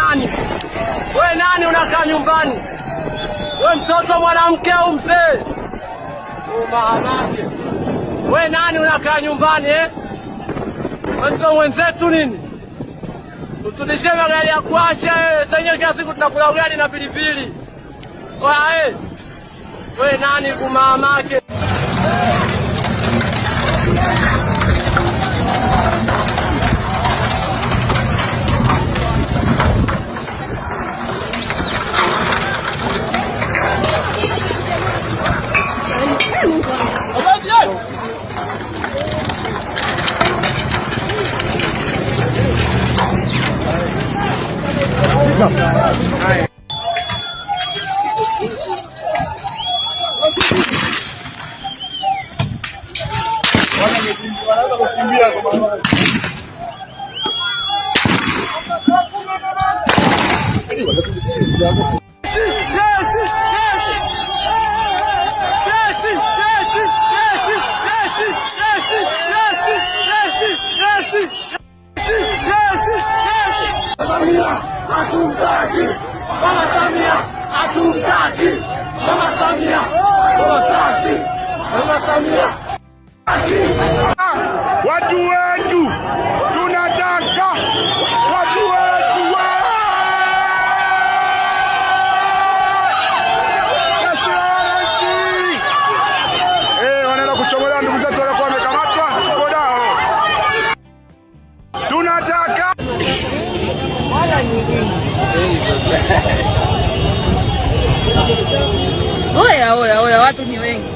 nani? We nani unakaa nyumbani? We mtoto mwanamke au mzee? Umahamake. We nani unakaa nyumbani eh? Wewe mwenzetu nini? Usudishe magari ya kuasha eh, senyewe kila siku tunakula ugali na pilipili. Oya eh. We nani kumamake? wanakukimbia kwa Desce, desce! Essa mina tá com wetu, tunataka watu wetu eh, wanaenda kuchomolewa ndugu zetu walikuwa wamekamatwa, tuko tunataka oya oya oya, watu ni wengi.